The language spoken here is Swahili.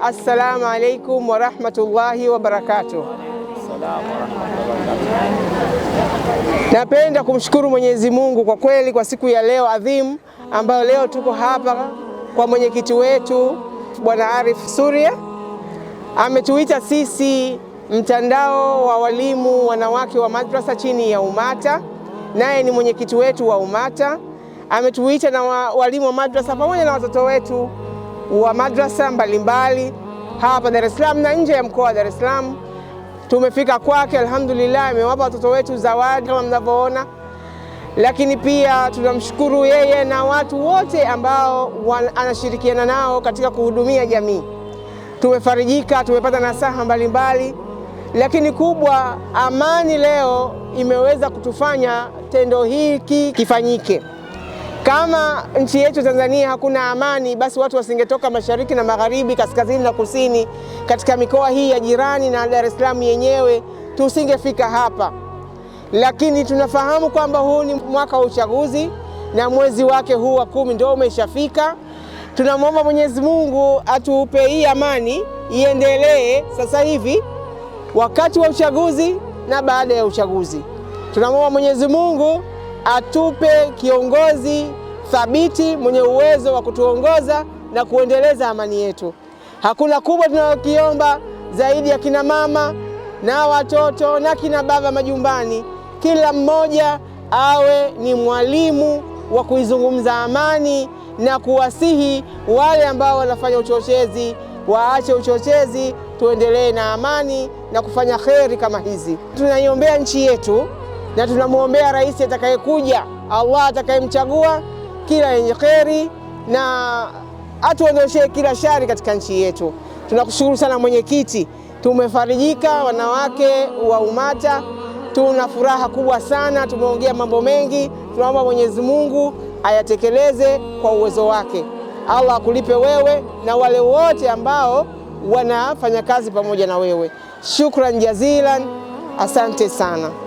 assalamu alaikum warahmatullahi wabarakatuh. Napenda kumshukuru Mwenyezi Mungu kwa kweli kwa siku ya leo adhimu ambayo leo tuko hapa kwa mwenyekiti wetu Bwana Arif Suria ametuita sisi mtandao wa walimu wanawake wa madrasa chini ya Umata, naye ni mwenyekiti wetu wa Umata. Ametuita na walimu wa madrasa pamoja na watoto wetu wa madrasa mbalimbali hapa Dar es Salaam na nje ya mkoa wa Dar es Salaam. Tumefika kwake, alhamdulillah, amewapa watoto wetu zawadi kama mnavyoona, lakini pia tunamshukuru yeye na watu wote ambao anashirikiana nao katika kuhudumia jamii. Tumefarijika, tumepata nasaha mbalimbali mbali. Lakini kubwa, amani leo imeweza kutufanya tendo hiki kifanyike. Kama nchi yetu Tanzania hakuna amani, basi watu wasingetoka mashariki na magharibi, kaskazini na kusini, katika mikoa hii ya jirani na Dar es Salaam yenyewe, tusingefika hapa. Lakini tunafahamu kwamba huu ni mwaka wa uchaguzi na mwezi wake huu wa kumi ndio umeshafika. Tunamwomba Mwenyezi Mungu atupe hii amani iendelee sasa hivi wakati wa uchaguzi na baada ya uchaguzi. Tunamwomba Mwenyezi Mungu atupe kiongozi thabiti, mwenye uwezo wa kutuongoza na kuendeleza amani yetu. Hakuna kubwa tunayokiomba zaidi ya kina mama na watoto na kina baba majumbani, kila mmoja awe ni mwalimu wa kuizungumza amani na kuwasihi wale ambao wanafanya uchochezi waache uchochezi, tuendelee na amani na kufanya kheri kama hizi. Tunaiombea nchi yetu na tunamwombea rais atakayekuja, Allah atakayemchagua kila yenye kheri na hatuondoshee kila shari katika nchi yetu. Tunakushukuru sana mwenyekiti, tumefarijika wanawake wa Umata, tuna furaha kubwa sana, tumeongea mambo mengi. Tunaomba Mwenyezi Mungu ayatekeleze kwa uwezo wake. Allah akulipe wewe na wale wote ambao wanafanya kazi pamoja na wewe. Shukran jazilan, asante sana.